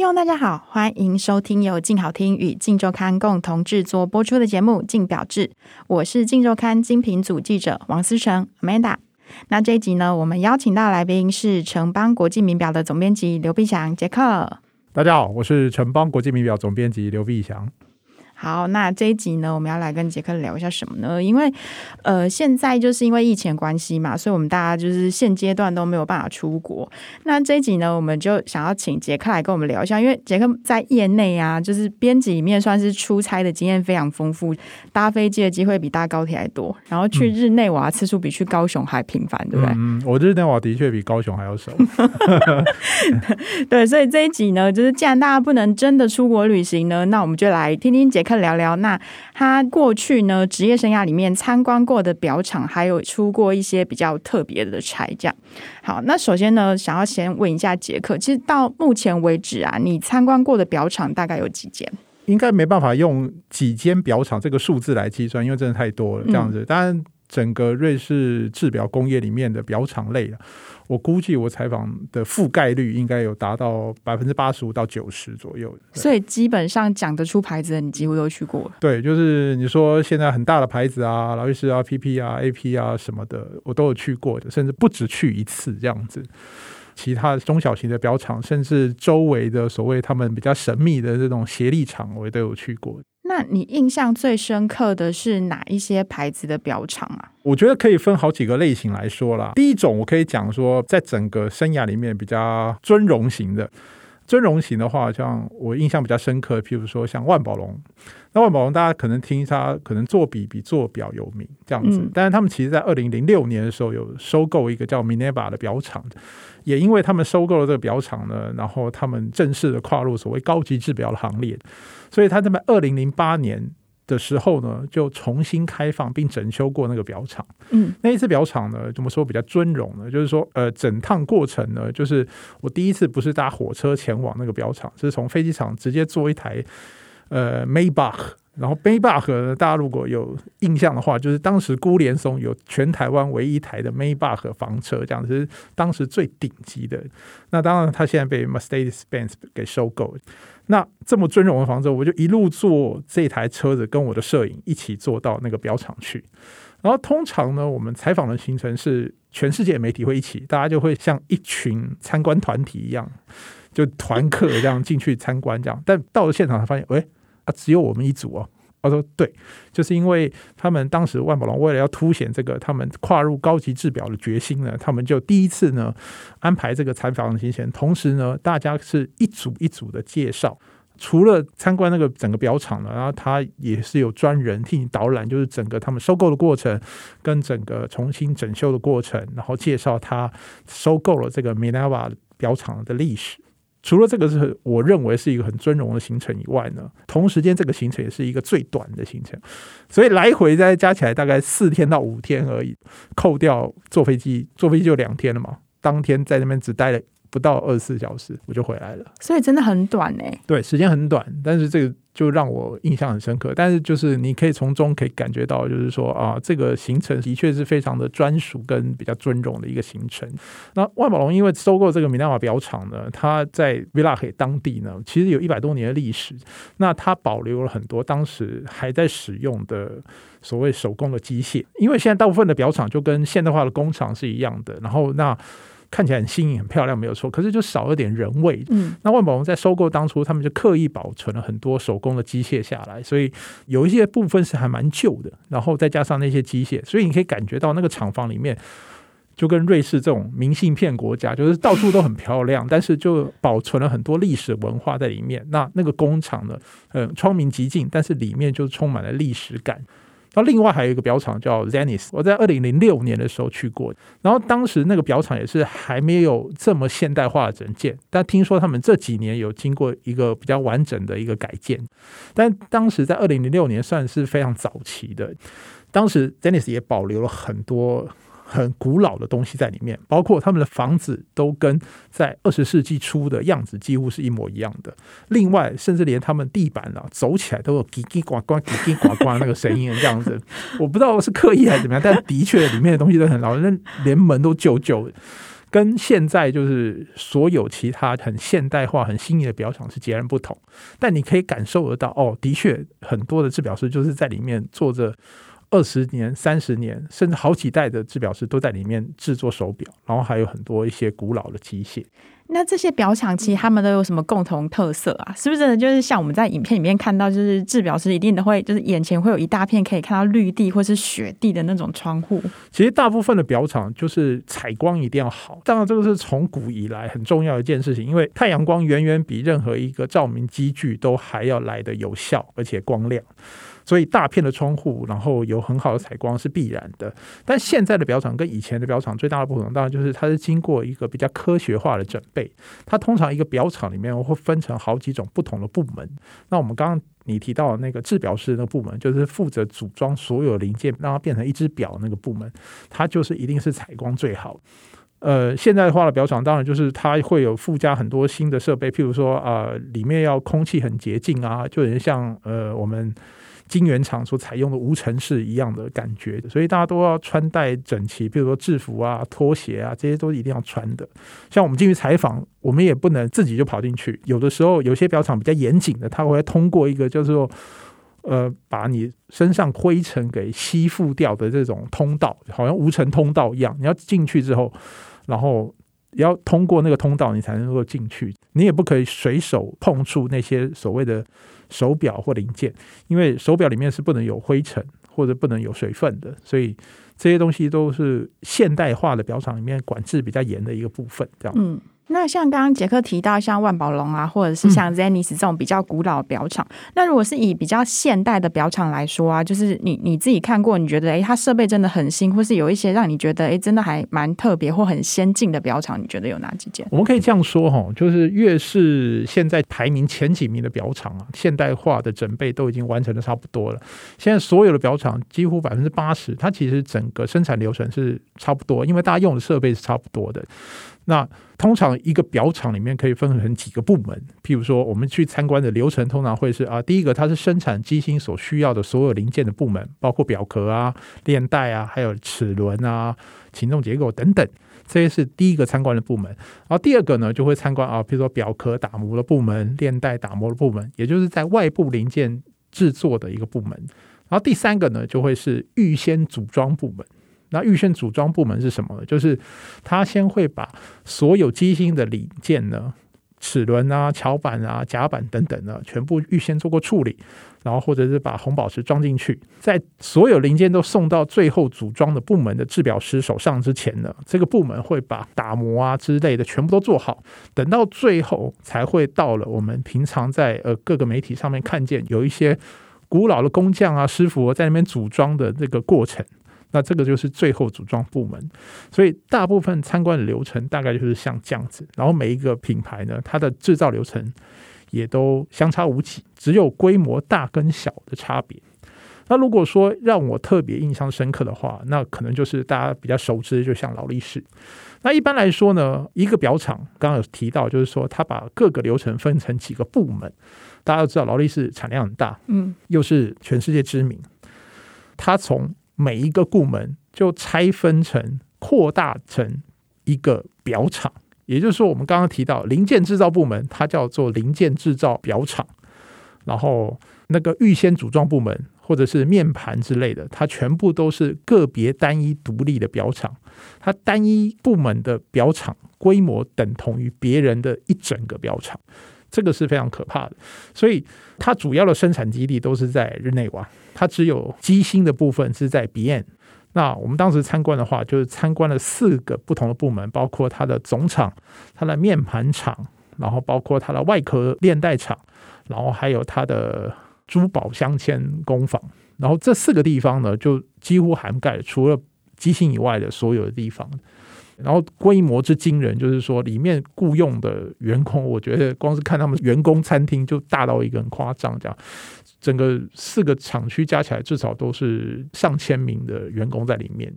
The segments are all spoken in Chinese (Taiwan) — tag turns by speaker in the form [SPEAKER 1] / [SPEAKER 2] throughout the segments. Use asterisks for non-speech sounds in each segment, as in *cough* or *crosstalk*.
[SPEAKER 1] 聽眾大家好，歡迎收聽由靜好聽與靜週刊共同制作播出的節目《靜錶誌》，我是靜週刊精品組記者王思成 Amanda。那這一集呢，我們邀請到來賓是城邦國際名表的總編輯劉必祥傑克。
[SPEAKER 2] 大家好，我是城邦國際名表總編輯劉必祥。
[SPEAKER 1] 好，那這一集呢，我們要來跟杰克聊一下什麼呢？因為，呃，現在就是因為疫情關係嘛，所以我們大家就是現階段都沒有辦法出國。那這一集呢，我們就想要請杰克來跟我們聊一下，因為杰克在業內啊，就是編輯裡面算是出差的經驗非常豐富，搭飛機的機會比搭高鐵還多，然後去日內瓦次數比去高雄還頻繁，嗯，對不對？
[SPEAKER 2] 嗯，我日內瓦的確比高雄還要熟。
[SPEAKER 1] *laughs* *laughs* 對，所以這一集呢，就是既然大家不能真的出國旅行呢，那我們就來聽聽杰克，他聊聊，那他過去呢職業生涯裡面參觀過的錶廠，還有出過一些比較特別的差這樣。好，那首先呢，想要先問一下傑克，其實到目前為止啊，你參觀過的錶廠大概有幾間？
[SPEAKER 2] 應該沒辦法用幾間錶廠這個數字來計算，因為真的太多了。這樣子。嗯、當然。整個瑞士製錶工業裡面的錶廠類的啊，我估計我採訪的覆蓋率應該有達到百分之八十五到九十左右。
[SPEAKER 1] 所以基本上講得出牌子的你幾乎都去過。
[SPEAKER 2] 對，就是你說現在很大的牌子啊，勞力士啊、PP 啊、AP 啊什麼的，我都有去過的，甚至不止去一次這樣子。其他中小型的錶廠，甚至周圍的所謂他們比較神秘的這種協力廠，我也都有去過。
[SPEAKER 1] 那你印象最深刻的是哪一些牌子的錶廠啊？
[SPEAKER 2] 我覺得可以分好幾個類型來說啦。第一種，我可以講說，在整個生涯裡面比較尊榮型的，尊榮型的話，像我印象比較深刻，譬如說像萬寶龍。那萬寶龍，大家可能聽他可能做筆比做表有名這樣子，但是他們其實，在二零零六年的時候有收購一個叫 Minerva 的表廠，也因為他們收購了這個表廠呢，然後他們正式的跨入所謂高級制表的行列，所以他在二零零八年的時候呢，就重新開放並整修過那個表廠，嗯。那一次表廠呢，怎麼說比較尊榮呢？就是說，呃，整趟過程呢，就是我第一次不是搭火車前往那個表廠，是從飛機場直接坐一台。呃，Maybach，然後 Maybach 呢，大家如果有印象的話，就是當時辜濂松有全台灣唯一一台的 Maybach 房車，這樣子是當時最頂級的。那當然，他現在被 Mercedes-Benz 給收購。那這麼尊榮的房子，我就一路坐這台車子，跟我的攝影一起坐到那個錶廠去。然後通常呢，我們採訪的行程是全世界媒體會一起，大家就會像一群參觀團體一樣，就團客這樣進去參觀這樣。但到了現場才發現，喂、哎。只有我們一組哦，我說對，就是因為他們當時萬寶龍為了要凸顯這個他們跨入高級製錶的決心呢，他們就第一次呢安排這個採訪的行程，同時呢大家是一組一組的介紹，除了參觀那個整個錶廠呢，然後他也是有專人替你導覽，就是整個他們收購的過程跟整個重新整修的過程，然後介紹他收購了這個 Minerva 錶廠的歷史。除了這個是我認為是一個很尊榮的行程以外呢，同時間這個行程也是一個最短的行程，所以來回再加起來大概四天到五天而已，扣掉坐飛機，坐飛機就兩天了嘛，當天在那邊只待了。不到二十四小時，我就回來了，
[SPEAKER 1] 所以真的很短呢、欸。
[SPEAKER 2] 對，時間很短，但是這個就讓我印象很深刻。但是就是你可以從中可以感覺到，就是說啊，這個行程的確是非常的專屬跟比較尊榮的一個行程。那萬寶龍因為收購這個米涅瓦表廠呢，它在 Villeret 當地呢，其實有一百多年的歷史。那它保留了很多當時還在使用的所謂手工的機械，因為現在大部分的表廠就跟現代化的工廠是一樣的。然後那。看起來很新穎、很漂亮，沒有錯。可是就少了點人味。嗯，那萬寶龍在收購當初，他們就刻意保存了很多手工的機械，下來，所以有一些部分是還蠻舊的。然後再加上那些機械，所以你可以感覺到那個廠房裡面，就跟瑞士這種明信片國家，就是到處都很漂亮， *coughs* 但是就保存了很多歷史文化在裡面。那那個工廠呢，嗯，窗明幾淨，但是裡面就充滿了歷史感。然後另外還有一個錶廠叫 Zenith，我在二零零六年的時候去過，然後當時那個錶廠也是還沒有這麼現代化的整建，但聽說他們這幾年有經過一個比較完整的一個改建，但當時在二零零六年算是非常早期的，當時 Zenith 也保留了很多。很古老的東西在裡面，包括他們的房子都跟在二十世紀初的樣子幾乎是一模一樣的。另外，甚至連他們地板呢、啊，走起來都有嘰嘰呱呱、嘰嘰呱呱那個聲音，這樣子。我不知道是刻意還是怎麼樣，但的確裡面的東西都很老，那連門都舊舊，跟現在就是所有其他很現代化、很新穎的錶廠是截然不同。但你可以感受得到，哦，的確很多的製錶師就是在裡面坐着。二十年、三十年，甚至好幾代的製錶師都在裡面製作手錶，然後還有很多一些古老的機械。
[SPEAKER 1] 那這些錶廠其實他們都有什麼共同特色啊？是不是真的？就是像我們在影片裡面看到，就是製錶師一定都會，就是眼前會有一大片可以看到綠地或是雪地的那種窗戶。
[SPEAKER 2] 其實大部分的錶廠就是採光一定要好，當然這個是從古以來很重要的一件事情，因為太陽光遠遠比任何一個照明機具都還要來得有效，而且光亮。所以大片的窗戶，然後有很好的採光是必然的。但現在的表廠跟以前的表廠最大的不同，當然就是它是經過一個比較科學化的整備。它通常一個表廠裡面，會分成好幾種不同的部門。那我們剛剛你提到的那個製表師那個部門，就是負責組裝所有零件，讓它變成一隻表那個部門，它就是一定是採光最好。呃，現代化的表廠當然就是它會有附加很多新的設備，譬如說啊、呃，裡面要空氣很潔淨啊，就有點像呃我們。金圓廠所採用的無塵室一樣的感覺，所以大家都要穿戴整齊，比如說制服啊、拖鞋啊，這些都一定要穿的。像我們進去採訪，我們也不能自己就跑進去。有的時候，有些錶廠比較嚴謹的，他會通過一個叫做“呃”，把你身上灰塵給吸附掉的這種通道，好像無塵通道一樣。你要進去之後，然後。要通過那個通道，你才能夠進去。你也不可以隨手碰觸那些所謂的手表或零件，因為手表裡面是不能有灰塵或者不能有水分的。所以這些東西都是現代化的表廠裡面管制比較嚴的一個部分，這樣。嗯。
[SPEAKER 1] 那像剛剛傑克提到，像萬寶龍啊，或者是像 Zenith 這種比較古老的錶廠。嗯、那如果是以比較現代的錶廠來說啊,就是你你自己看過,你覺得誒、欸、它設備真的很新，或是有一些讓你覺得誒、欸、真的還蠻特別或很先進的錶廠，你覺得有哪幾間？
[SPEAKER 2] 我們可以這樣說哈，就是越是現在排名前幾名的錶廠啊，現代化的準備都已經完成的差不多了。現在所有的錶廠幾乎百分之八十，它其實整個生產流程是差不多，因為大家用的設備是差不多的。那通常一個錶廠裡面可以分成幾個部門，譬如說我們去參觀的流程通常會是啊，第一個它是生產機芯所需要的所有零件的部門，包括錶殼啊、鏈帶啊、還有齒輪啊、擒縱結構等等，這些是第一個參觀的部門。然後第二個呢，就會參觀啊，譬如說錶殼打磨的部門、鏈帶打磨的部門，也就是在外部零件制作的一個部門。然後第三個呢，就會是預先組裝部門。那預先組裝部門是什麼呢？就是他先會把所有機芯的零件呢，齒輪啊、橋板啊、夾板等等呢，全部預先做過處理，然後或者是把紅寶石裝進去，在所有零件都送到最後組裝的部門的製錶師手上之前呢，這個部門會把打磨啊之類的全部都做好，等到最後才會到了我們平常在呃各個媒體上面看見有一些古老的工匠啊師傅在那邊組裝的這個過程。那這個就是最後組裝部門，所以大部分參觀的流程大概就是像這樣子。然後每一個品牌呢，它的制造流程也都相差無幾，只有規模大跟小的差別。那如果說讓我特別印象深刻的話，那可能就是大家比較熟知，就像勞力士。那一般來說呢，一個表廠剛剛有提到，就是說它把各個流程分成幾個部門。大家都知道勞力士產量很大，嗯，又是全世界知名，它從每一個部門就拆分成、擴大成一個錶廠，也就是說，我們剛剛提到零件製造部門，它叫做零件製造錶廠，然後那個預先組裝部門或者是面盤之類的，它全部都是個別單一獨立的錶廠，它單一部門的錶廠規模等同於別人的一整個錶廠。這個是非常可怕的，所以它主要的生產基地都是在日內瓦，它只有機芯的部分是在比安。那我們當時參觀的話，就是參觀了四個不同的部門，包括它的總廠、它的面盤廠，然後包括它的外殼鏈帶廠，然後還有它的珠寶鑲嵌工坊。然後這四個地方呢，就幾乎涵蓋了除了機芯以外的所有的地方。然後規模之驚人，就是說裡面僱傭的員工，我覺得光是看他們員工餐廳就大到一個很誇張這樣，整個四個廠區加起來至少都是上千名的員工在裡面。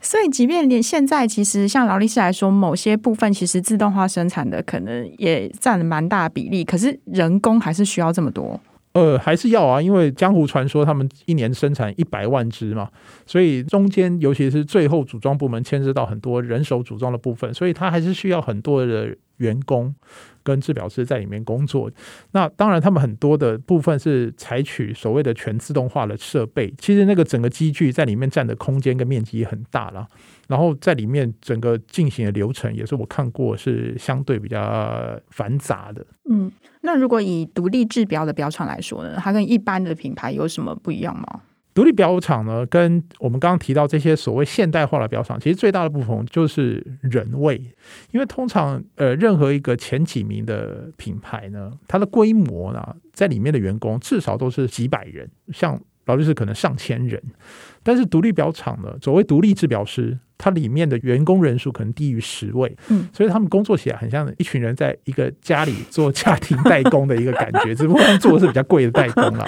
[SPEAKER 1] 所以，即便連現在，其實像勞力士來說，某些部分其實自動化生產的可能也占了蠻大比例，可是人工還是需要這麼
[SPEAKER 2] 多。呃，還是要啊，因為江湖傳說他們一年生產一百萬隻嘛，所以中間尤其是最後組裝部門牽涉到很多人手組裝的部分，所以他還是需要很多的員工跟製錶師在裡面工作。那當然，他們很多的部分是採取所謂的全自動化的設備，其實那個整個機具在裡面佔的空間跟面積也很大啦。然後在裡面整個進行的流程也是我看過是相對比較繁雜的。
[SPEAKER 1] 嗯，那如果以獨立製錶的錶廠來說呢，它跟一般的品牌有什麼不一樣嗎？
[SPEAKER 2] 獨立錶廠呢，跟我們剛剛提到這些所謂現代化的錶廠，其實最大的不同就是人味。因為通常呃任何一個前幾名的品牌呢，它的規模呢，在裡面的員工至少都是幾百人，像勞力士可能上千人。但是獨立錶廠呢，所謂獨立製錶師，它裡面的員工人數可能低於十位，嗯，所以他們工作起來很像一群人在一個家裡做家庭代工的一個感覺， *laughs* 只不過他們做的是比較貴的代工啊。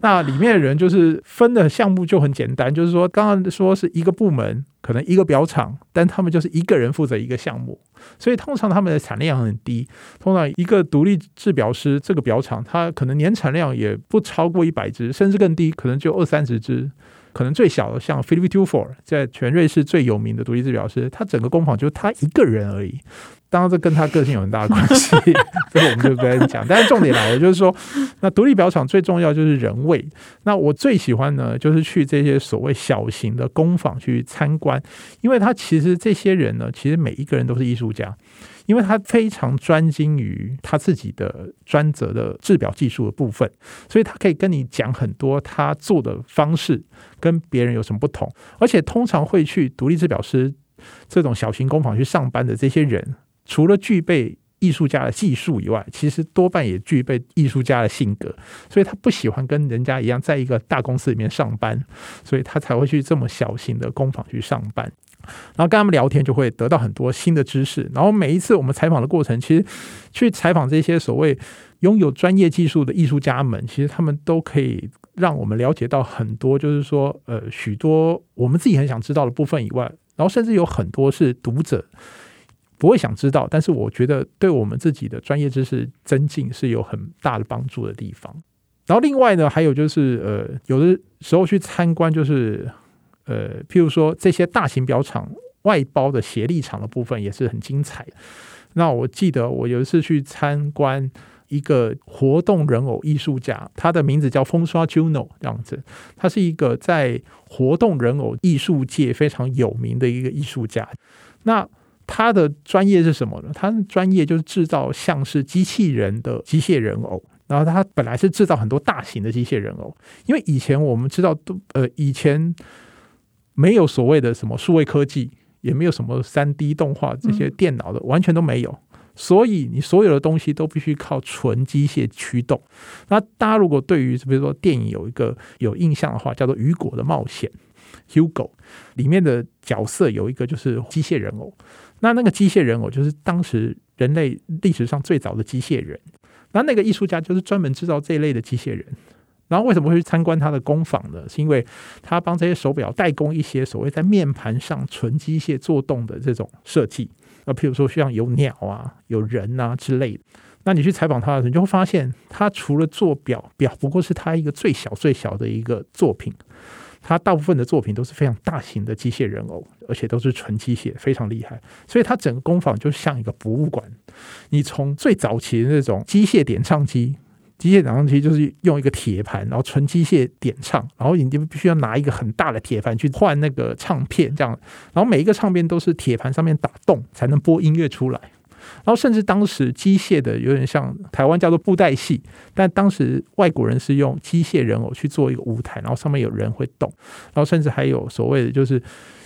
[SPEAKER 2] 那裡面的人就是分的項目就很簡單，就是說剛剛說是一個部門，可能一個表廠，但他們就是一個人負責一個項目，所以通常他們的產量很低。通常一個獨立制表師這個表廠，它可能年產量也不超過一百只，甚至更低，可能就二三十只 20,。可能最小的像 Philippe Dufour，在全瑞士最有名的獨立製錶師，他整個工坊就他一個人而已。當然這跟他個性有很大關係， *laughs* 所以我們就不要講。但是重點來了，就是說，那獨立錶廠最重要就是人味。那我最喜歡呢，就是去這些所謂小型的工坊去參觀，因為他其實這些人呢，其實每一個人都是藝術家。因為他非常專精於他自己的專責的製錶技術的部分，所以他可以跟你講很多他做的方式跟別人有什麼不同。而且通常會去獨立制表師這種小型工坊去上班的這些人，除了具備藝術家的技術以外，其實多半也具備藝術家的性格。所以他不喜歡跟人家一樣在一個大公司裡面上班，所以他才會去這麼小型的工坊去上班。然後跟他們聊天，就會得到很多新的知識。然後每一次我們採訪的過程，其實去採訪這些所謂擁有專業技術的藝術家們，其實他們都可以讓我們了解到很多，就是說，呃，許多我們自己很想知道的部分以外，然後甚至有很多是讀者不會想知道，但是我覺得對我們自己的專業知識增進是有很大的幫助的地方。然後另外呢，還有就是，呃，有的時候去參觀，就是。呃，譬如說這些大型錶廠外包的協力廠的部分也是很精彩的。那我記得我有一次去參觀一個活動人偶藝術家，他的名字叫 François Junod 這樣子。他是一個在活動人偶藝術界非常有名的一個藝術家。那他的專業是什麼呢？他的專業就是製造像是機器人的機械人偶。然後他本來是製造很多大型的機械人偶，因為以前我們知道都呃以前。沒有所謂的什麼數位科技，也沒有什麼 3D 動畫，這些電腦的、嗯、完全都沒有。所以你所有的東西都必須靠純機械驅動。那大家如果對於比如說電影有一個有印象的話，叫做《雨果的冒險》（Hugo），裡面的角色有一個就是機械人偶。那那個機械人偶就是當時人類歷史上最早的機械人。那那個藝術家就是專門制造這一類的機械人。然後為什麼會去參觀他的工坊呢？是因為他幫這些手表代工一些所謂在面盤上純機械作動的這種設計，那譬如說像有鳥啊、有人啊之類的。那你去採訪他的時候，你就會發現他除了做表，表不過是他一個最小最小的一個作品。他大部分的作品都是非常大型的機械人偶，而且都是純機械，非常厲害。所以他整個工坊就像一個博物館。你從最早期的那種機械點唱機。機械唱唱機就是用一個鐵盤，然後純機械點唱，然後你就必須要拿一個很大的鐵盤去換那個唱片，這樣，然後每一個唱片都是鐵盤上面打洞才能播音樂出來，然後甚至當時機械的有點像台灣叫做布袋戲，但當時外國人是用機械人偶去做一個舞台，然後上面有人會動，然後甚至還有所謂的就是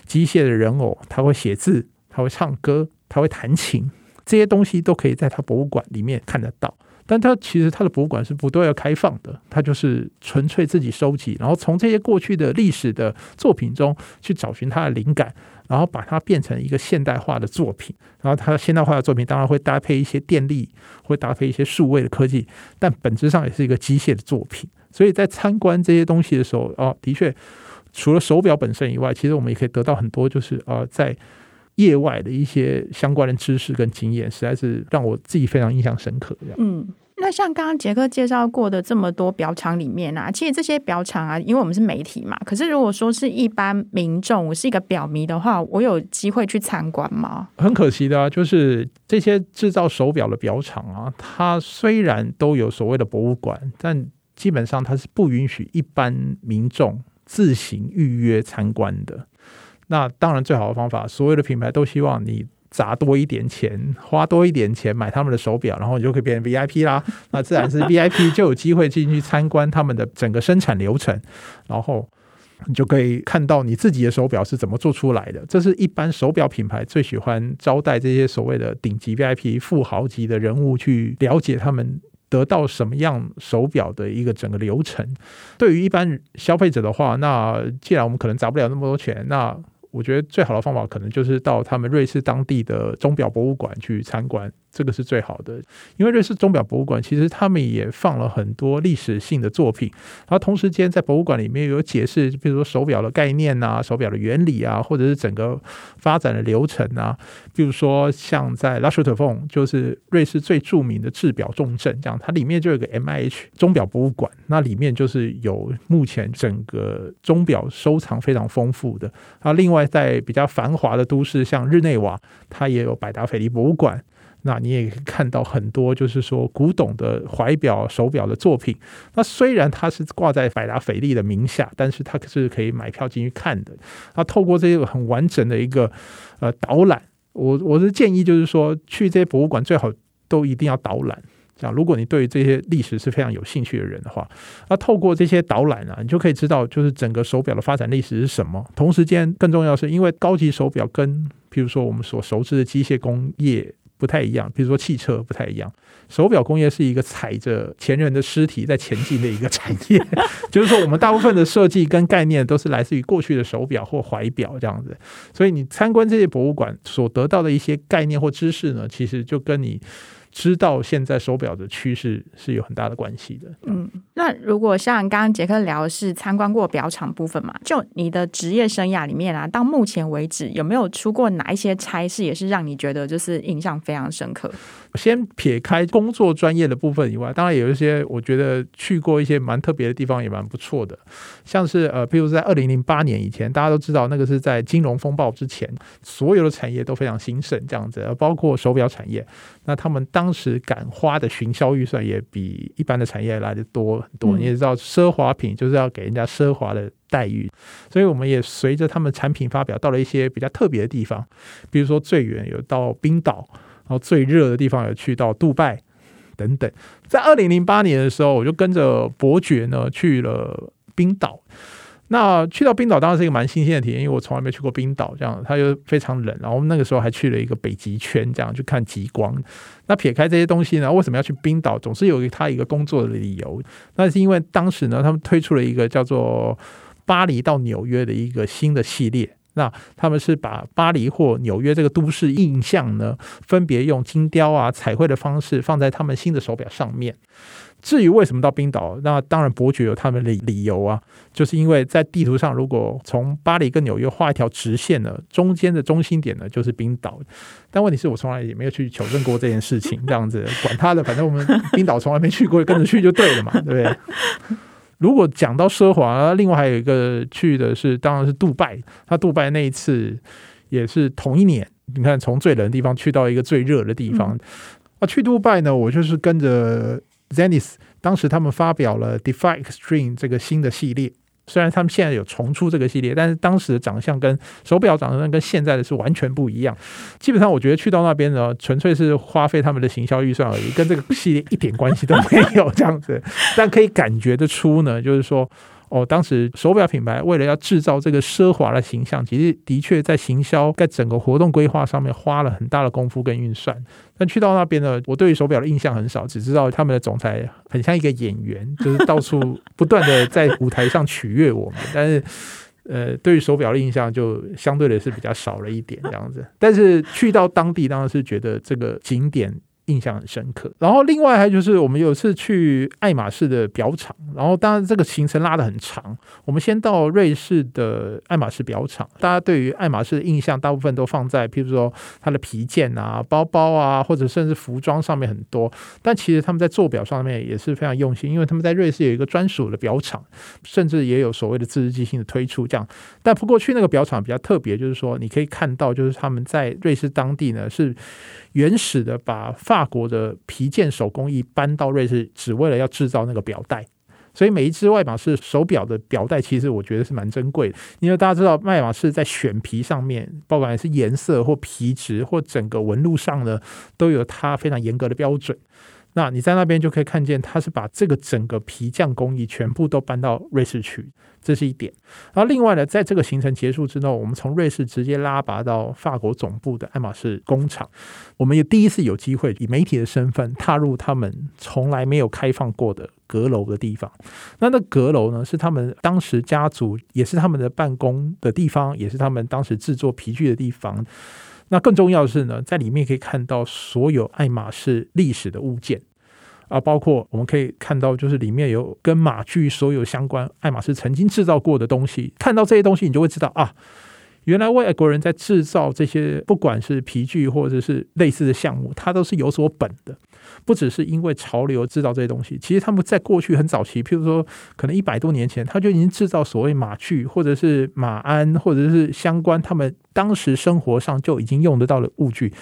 [SPEAKER 2] 機械的人偶，他會寫字，他會唱歌，他會彈琴，這些東西都可以在他博物館裡面看得到。但他其實他的博物館是不對外開放的，他就是純粹自己收集，然後從這些過去的歷史的作品中去找尋他的靈感，然後把它變成一個現代化的作品。然後他的現代化的作品當然會搭配一些電力，會搭配一些數位的科技，但本質上也是一個機械的作品。所以在參觀這些東西的時候啊，的確除了手表本身以外，其實我們也可以得到很多，就是呃在。業外的一些相關的知識跟經驗，實在是讓我自己非常印象深刻。嗯，那
[SPEAKER 1] 像剛剛杰克介紹過的這麼多表廠裡面啊，其實這些表廠啊，因為我們是媒體嘛，可是如果說是一般民眾，我是一個表迷的話，我有機會去參觀嗎？
[SPEAKER 2] 很可惜的啊，就是這些制造手表的表廠啊，它雖然都有所謂的博物館，但基本上它是不允許一般民眾自行預約參觀的。那當然，最好的方法，所有的品牌都希望你砸多一點錢，花多一點錢買他們的手表，然後你就可以變成 VIP 啦。那自然是 VIP 就有機會進去參觀他們的整個生產流程，然後你就可以看到你自己的手表是怎麼做出來的。這是一般手表品牌最喜歡招待這些所謂的頂級 VIP 富豪級的人物去了解他們得到什麼樣手表的一個整個流程。對於一般消費者的話，那既然我們可能砸不了那麼多錢，那我覺得最好的方法可能就是到他們瑞士當地的鐘錶博物館去參觀。這個是最好的，因為瑞士鐘表博物館其實他們也放了很多歷史性的作品，然後同時間在博物館裡面有解釋，比如說手表的概念啊、手表的原理啊，或者是整個發展的流程啊。比如說像在 La Chaux-de-Fonds，就是瑞士最著名的製表重鎮，這樣它裡面就有個 MIH 鐘表博物館，那裡面就是有目前整個鐘表收藏非常豐富的。然後另外在比較繁華的都市，像日內瓦，它也有百達翡麗博物館。那你也可以看到很多，就是說古董的懷錶、手錶的作品。那雖然它是掛在百達翡麗的名下，但是它是可以買票進去看的。那透過這個很完整的一個呃導覽，我我是建議就是說去這些博物館最好都一定要導覽。這樣如果你對於這些歷史是非常有興趣的人的話，那透過這些導覽呢，你就可以知道就是整個手錶的發展歷史是什麼。同時間，更重要是因為高級手錶跟比如說我們所熟知的機械工業。不太一樣，比如說汽車不太一樣，手錶工業是一個踩着前人的屍體在前進的一個產業， *laughs* 就是說我們大部分的設計跟概念，都是來自於過去的手錶或懷錶這樣子，所以你參觀這些博物館所得到的一些概念或知識呢，其實就跟你。知道現在手表的趨勢是有很大的關係的。嗯，
[SPEAKER 1] 那如果像剛剛傑克聊的是參觀過錶廠部分嘛，就你的職業生涯裡面啊，到目前為止有沒有出過哪一些差事也是讓你覺得就是印象非常深刻？
[SPEAKER 2] 先撇開工作專業的部分以外，當然有一些我覺得去過一些蠻特別的地方也蠻不錯的，像是呃，譬如在二零零八年以前，大家都知道那個是在金融風暴之前，所有的產業都非常興盛，這樣子，包括手表產業，那他們大。當時敢花的行銷預算也比一般的產業來得多很多，你也知道，奢華品就是要給人家奢華的待遇，所以我們也隨着他們產品發表到了一些比較特別的地方，比如說最遠有到冰島，然後最熱的地方有去到杜拜等等。在二零零八年的時候，我就跟着伯爵呢去了冰島。那去到冰島當然是一個蠻新鮮的體驗，因為我從來沒去過冰島，這樣它又非常冷。然後我們那個時候還去了一個北極圈，這樣去看極光。那撇開這些東西呢，為什麼要去冰島？總是有它一個工作的理由。那是因為當時呢，他們推出了一個叫做巴黎到紐約的一個新的系列。那他們是把巴黎或紐約這個都市印象呢，分別用金雕啊、彩繪的方式放在他們新的手錶上面。至於為什麼到冰島，那當然伯爵有他們的理由啊，就是因為在地圖上，如果從巴黎跟紐約畫一條直線呢，中間的中心點呢就是冰島。但問題是我從來也沒有去求證過這件事情，這樣子，管他的，反正我們冰島從來沒去過， *laughs* 跟着去就對了嘛，對不對？如果講到奢華，另外還有一個去的是，當然是杜拜。他杜拜那一次也是同一年，你看從最冷的地方去到一個最熱的地方啊，嗯。去杜拜呢，我就是跟着。Zenith 當時他們發表了 Defy Extreme 這個新的系列，雖然他們現在有重出這個系列，但是當時的長相跟手錶長得跟現在的，是完全不一樣。基本上我覺得去到那邊呢，純粹是花費他們的行銷預算而已，跟這個系列一點關係都沒有這樣子。但可以感覺得出呢，就是說。哦，當時手錶品牌為了要製造這個奢華的形象，其實的確在行銷，在整個活動規劃上面花了很大的功夫跟運算。但去到那邊呢，我對於手錶的印象很少，只知道他們的總裁很像一個演員，就是到處不斷的在舞台上取悅我們。 *laughs* 但是，呃，對於手錶的印象就相對的是比較少了一點這樣子。但是去到當地，當然是覺得這個景點。印象很深刻。然後另外還就是，我們有一次去愛馬仕的錶廠，然後當然這個行程拉得很長。我們先到瑞士的愛馬仕錶廠。大家對於愛馬仕的印象，大部分都放在譬如說它的皮件啊、包包啊，或者甚至服裝上面很多。但其實他們在做錶上面也是非常用心，因為他們在瑞士有一個專屬的錶廠，甚至也有所謂的自製機芯的推出。這樣，但不過去那個錶廠比較特別，就是說你可以看到，就是他們在瑞士當地呢是。原始的把法國的皮件手工藝搬到瑞士，只為了要制造那個表帶。所以每一只愛馬仕手表的表帶，其實我覺得是蠻珍貴的，因為大家知道愛馬仕在選皮上面，不管是顏色或皮質或整個紋路上呢，都有它非常嚴格的標準。那你在那邊就可以看見，他是把這個整個皮匠工藝全部都搬到瑞士去，這是一點。然後另外呢，在這個行程結束之後，我們從瑞士直接拉拔到法國總部的愛馬仕工廠，我們也第一次有機會以媒體的身份踏入他們從來沒有開放過的閣樓的地方。那那個閣樓呢，是他們當時家族也是他們的辦公的地方，也是他們當時製作皮具的地方。那更重要的是呢，在裡面可以看到所有愛馬仕歷史的物件，啊，包括我們可以看到，就是裡面有跟馬具所有相關愛馬仕曾經製造過的東西。看到這些東西，你就會知道啊，原來外國人在製造這些，不管是皮具或者是類似的項目，它都是有所本的，不只是因為潮流製造這些東西。其實他們在過去很早期，譬如說可能一百多年前，他就已經製造所謂馬具，或者是馬鞍，或者是相關他們。當時生活上就已經用得到的物具，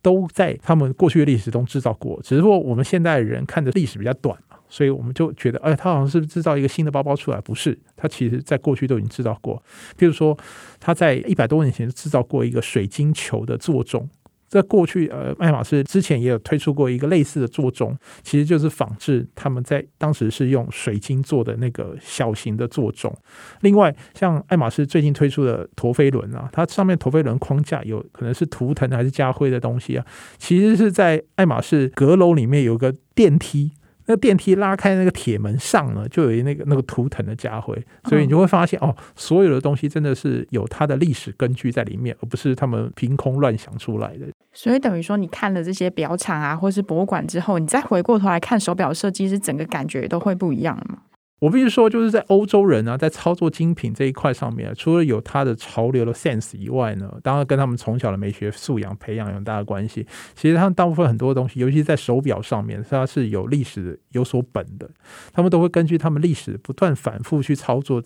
[SPEAKER 2] 都在他們過去的歷史中制造過。只是說我們現代人看的歷史比較短嘛，所以我們就覺得，哎、欸，他好像是制造一個新的包包出來，不是？他其實在過去都已經制造過。譬如說，他在一百多年前制造過一個水晶球的座鐘。在過去，呃，愛馬仕之前也有推出過一個類似的座鐘，其實就是仿製他們在當時是用水晶做的那個小型的座鐘。另外，像愛馬仕最近推出的陀飛輪啊，它上面陀飛輪框架有可能是圖騰還是家徽的東西啊，其實是在愛馬仕閣樓裡面有個電梯。那電梯拉開那個鐵門上呢，就有那個那個圖騰的家徽，所以你就會發現、嗯、哦，所有的東西真的是有它的歷史根據在裡面，而不是他們憑空亂想出來的。
[SPEAKER 1] 所以等於說，你看了這些錶廠啊，或是博物館之後，你再回過頭來看手錶設計，是整個感覺都會不一樣嘛。
[SPEAKER 2] 我必須說，就是在歐洲人啊，在操作精品這一塊上面，除了有他的潮流的 sense 以外呢，當然跟他們從小的美學素養培養有很大的關係。其實他們大部分很多東西，尤其在手錶上面，它是有歷史的、有所本的。他們都會根據他們歷史不斷反覆去操作。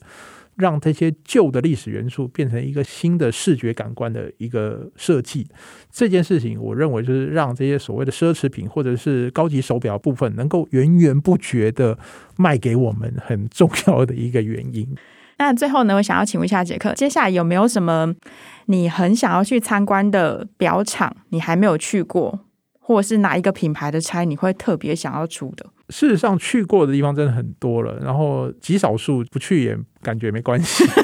[SPEAKER 2] 讓這些舊的歷史元素變成一個新的視覺感官的一個設計，這件事情，我認為就是讓這些所謂的奢侈品或者是高級手表部分能夠源源不絕的賣給我們很重要的一個原因。
[SPEAKER 1] 那最後呢，我想要請問一下杰克，接下來有沒有什麼你很想要去參觀的表廠，你還沒有去過，或者是哪一個品牌的廠你會特別想要出的？
[SPEAKER 2] 事實上，去過的地方真的很多了，然後極少數不去也。感覺沒關係。 *laughs*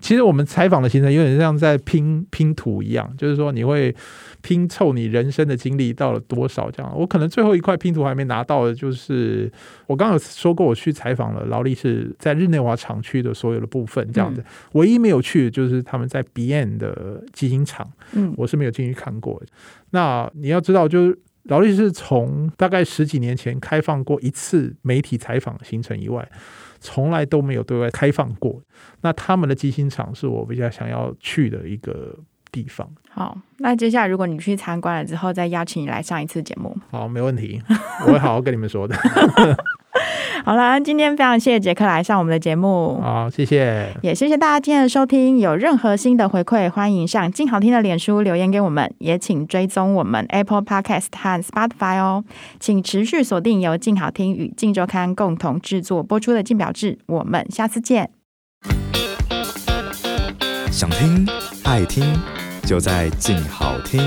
[SPEAKER 2] 其實我們採訪的行程有點像在拼拼圖一樣，就是說你會拼湊你人生的經歷到了多少這樣。我可能最後一塊拼圖還沒拿到的，就是我剛有說過，我去採訪了勞力士在日內瓦廠區的所有的部分。這樣子唯一沒有去的就是他們在 Bienne 的機芯廠，嗯，我是沒有進去看過。那你要知道就是。勞力士從大概十幾年前開放過一次媒體採訪行程以外，從來都沒有對外開放過。那他們的機芯廠是我比較想要去的一個地方。
[SPEAKER 1] 好，那接下來如果你去參觀了之後，再邀請你來上一次節目。
[SPEAKER 2] 好，沒問題，我會好好跟你們說的。 *laughs* *laughs*
[SPEAKER 1] 好了，今天非常謝謝傑克來上我們的節目。好，
[SPEAKER 2] 謝謝，也
[SPEAKER 1] 謝謝大家今天的收聽。有任何新的回饋，歡迎上鏡好聽的臉書留言給我們，也請追蹤我們 Apple Podcast 和 Spotify 哦。請持續鎖定由鏡好聽與鏡週刊共同制作播出的《鏡錶誌》，我們下次見。想聽愛聽，就在鏡好聽。